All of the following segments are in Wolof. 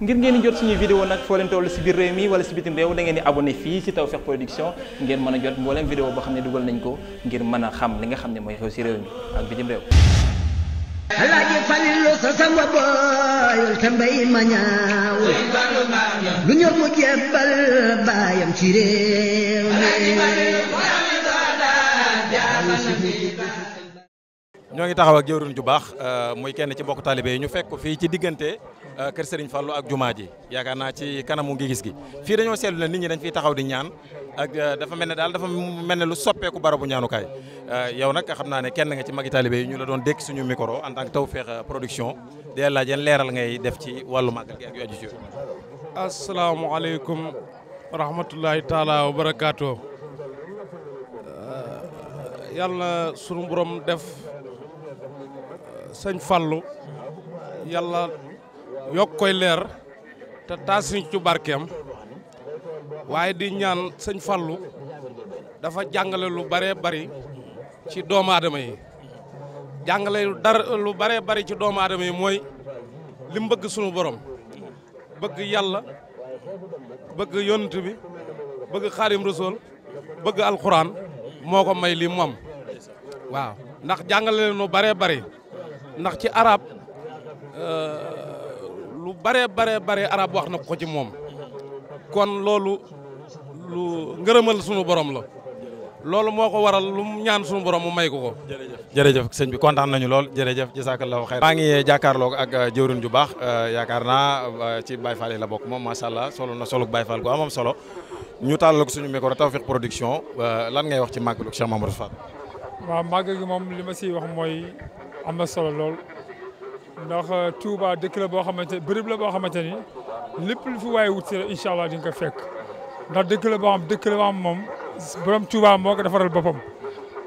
ngir ngeen jot suñu vidéo nag foo leen si biir réew mi wala si bitim réew da ngeen di abonné fii si Tawfekh Production ngeen mën a jot mbooleem vidéo boo xam ne dugal nañ ko ngir mën a xam li nga xam ne mooy xew si réew mi ak bitim réew alaaji Falilu lu ñor mu jebbal baayam ci réew mi ñoo ngi taxaw ak jëwriñ ju baax eh, muy kenn ci bokk taalibe yi ñu fekk fii ci diggante Euh, kër Serigne Fallou ak jumaa ji yaakaar naa ci kanamu ngi gis gi fii dañoo seetlu ne nit ñi dañ fiy taxaw di ñaan ak euh, dafa mel ne daal dafa mel na lu soppeeku barabu ñaanukaay euh, yow nag xam naa ne kenn nga ci magi talibé yi ñu la doon dékk suñu micro en tant que Tawfekh Production di la laaj yan leeral ngay def ci wàllu màggal gi ak yu aju ci asalaamaaleykum wa rahmatullahi taala wa barakaatu yàlla sunu borom def sëñ Fallou yàlla yokk koy leer te taas ñu ci barkeem waaye di ñaan sëñ Fallu dafa jàngale lu bare bari ci doomu aadama yi jàngale lu dara bare bari ci doomu aadama yi mooy lim bëgg sunu borom bëgg yàlla bëgg yonent bëgg xaadim rasool bëgg alxuraan moo ko may lii mu am waaw ndax jàngale nu bare bari ndax ci arab euh, bare bare bare arab wax na ko ci moom kon loolu lu ngërëmal sunu boroom la loolu moo ko waral lu ñaan sunu borom mu may ko ko. jërëjëf jërëjëf sëñ bi kontaan nañu lool jërëjëf jazaakallahu xayr. maa ngi jàkkaarloog ak uh, jëwriñ ju baax uh, yaakaar naa uh, ci Baye Fall yi la bokk moom macha allah solo na solo Baye Fall gu amam solo ñu tàllal ko suñu micro Tawfekh Production lan ngay wax ci màggalu Cheikh Mamadou Fall. waaw màggal gi moom li ma siy wax mooy am ndax euh, Touba dëkk la boo xamante bërëb la boo xamante ni lépp lu fi waaye wut si la incha allah di nga ko fekk ndax dëkk la xam dëkk la xam moom borom Touba moo ko defaral boppam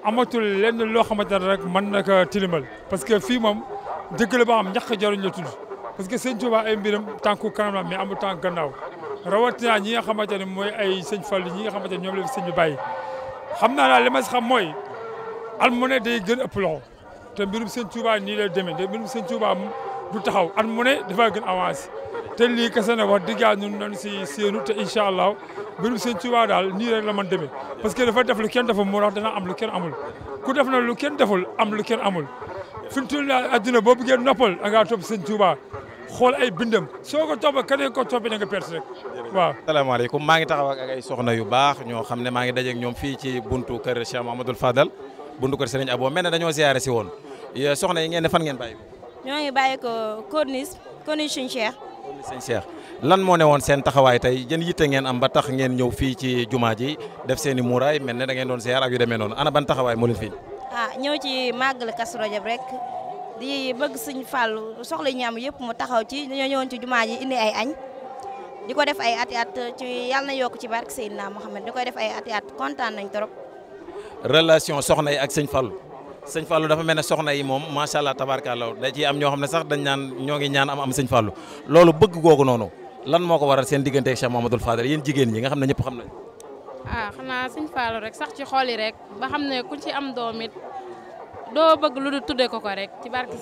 amatul lenn loo xamante ne rek man na ko tilimal parce que fii moom dëkk la xam ñàkk jaruñ la tudd parce que sëñ Touba ay mbiram tànku kanam la mais amul tànk gannaaw rawatina ñi nga xamante ne mooy ay sëñ Fall ñi nga xamante ne ñoom la fi sëñ bi bàyyi xam naa naa li ma si xam mooy almune day gën ëpp loxo te mbirum sëñ Touba nii lay demee te mbirum sëñ Touba du taxaw at mu ne dafay gën avancé te lii kese na wax diggaa ñun nañ si séenu te incha allah mbirum sëñ Touba daal nii rek la man deme parce que dafa def lu kenn deful moo tax dana am lu kenn amul ku def na lu kenn deful am lu kenn amul fi mu toll nii adduna boo bëggee noppal da ngaa topp sëñ Touba xool ay bindam soo ko topp ka ne ko toppee da nga perte rek waaw salaamaaleykum maa ngi taxaw a ay soxna yu baax ñoo xam ne maa ngi dajeeg ñoom fii ci buntu kër Cheikh Mahamadou Fadal buntu kër Serigne Abo mel na dañoo ziare si woon soxna yi ngeen ne fan ngeen bàyyi ko. ñoo ngi bàyyi ko lan moo ne woon seen taxawaay tey jën yitte ngeen am ba tax ngeen ñëw fii ci jumaa def seen i muuraay mel ne da ngeen doon ziare ak yu demee noonu ana ban taxawaay moo leen fi. ah ñëw ci màggal Kazu Rajab rek di bëgg Serigne Fallou soxla yi ñu am yëpp mu taxaw ci dañoo ñëwoon ci jumaa ji ay añ. di ko def ay at at ci yàlla yokk ci barke Seydina Mohamed di relation soxna yi ak sëñ Fallou sëñ Fallou dafa mel ne soxna yi moom macha allah tabaarkalla da ciy am ñoo xam ne sax dañ ñaan ñoo ngi ñaan am am sëñ Fallou loolu bëgg googu noonu lan moo ko waral seen diggante ak Cheikh Mamadou Fadel yéen jigéen ñi nga xam ne ñëpp ah, rek sax ci xool xam ne ku ci am doom it ko ko rek ci barke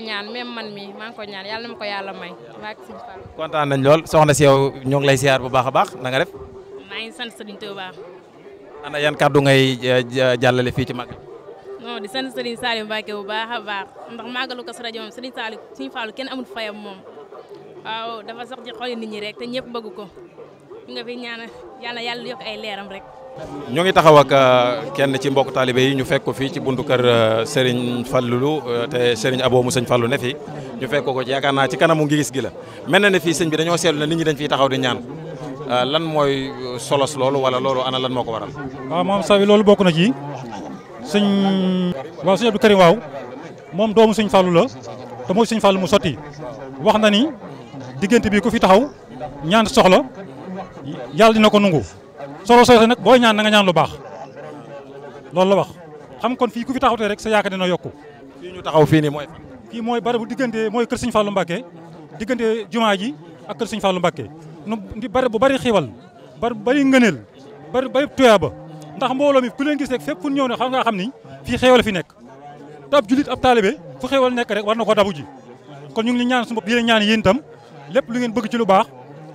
ñaan même ma ko yàlla may barke sëñ Fallou kontaan nañ lool soxna si ñoo ngi lay siyaar bu baax a baax na def maa ngi sant sëñ Touba ana yan kàddu ngay eh, jàllale fii ci màggal. non di sant Serigne Saliou Mbacke bu baax a baax ndax màggalu Kazu Rajab moom Serigne Saliou suñu faalu kenn amul fayam moom waaw dafa sax ci xoli nit rek te ñëpp bëgg ko ñu ngi taxaw eh, kenn ci mbokk taalibe ñu fekk fii ci buntu kër eh, Serigne Fallou te Serigne Abo mu sëñ Fallou ne fi ñu fekk ko ci yaakaar naa ci kanamu ngi gis gi la mel fii sëñ bi dañoo seetlu ne nit ñi dañ taxaw di ñaan. Euh, lan mooy euh, solos loolu wala loolu ana lan moo ko waral. waaw ah, moom sawi loolu bokk na ci sëñ waaw sëñ Abdou Karim waaw moom doomu sëñ Fallou la te mooy sëñ Fallou mu sotti wax na ni diggante bi ku fi taxaw ñaan soxla yàlla dina ko nungu solo soose nag booy ñaan na nga ñaan lu baax loolu la wax xam kon fii ku fi taxawtee rek sa yaakaar dina yokku. fii ñu taxaw fii nii mooy. fii mooy barabu diggante mooy kër suñ Fallou Mbacké diggante jumaa ji ak kër sëñ Fallou nu di bari bu bari xiiwal bari bari ngëneel bari bari tuyaaba ndax mbooloo mi ku leen gis rek fépp fu ñëw ne xam ngaa xam ni fii xéewal fi nekk te ab julit ab taalibe fu xéewal nekk rek war na ko dabu ji kon ñu ngi ñaan suñu bopp yéen ñaan yéen tam lépp lu ngeen bëgg ci lu baax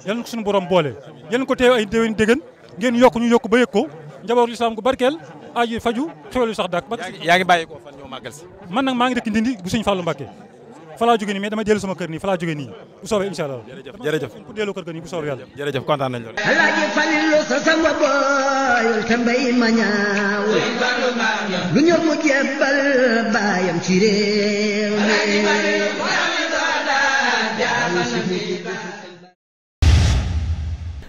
yal ko suñu borom boole yal ko teew ay déwén déggan ngeen yokk ñu yokk ba yëg ko njabootu lislaam gu barkeel aaju faju xéewal yu sax dàkk yaa ngi bàyyi ko fan ñoo màggal si man nag maa ngi dëkk Ndindi bu Sëñ Fallou Mbacké fa laa jóge nii mais dama dellu sama kër nii fa laa jóge nii bu soobee incha allah. jërëjëf jërëjëf ku dellu kër ga bu soobee yàlla. jërëjëf kontaan nañu loolu. alaaji falilu sa lu ñor mu jebal baayam ci réew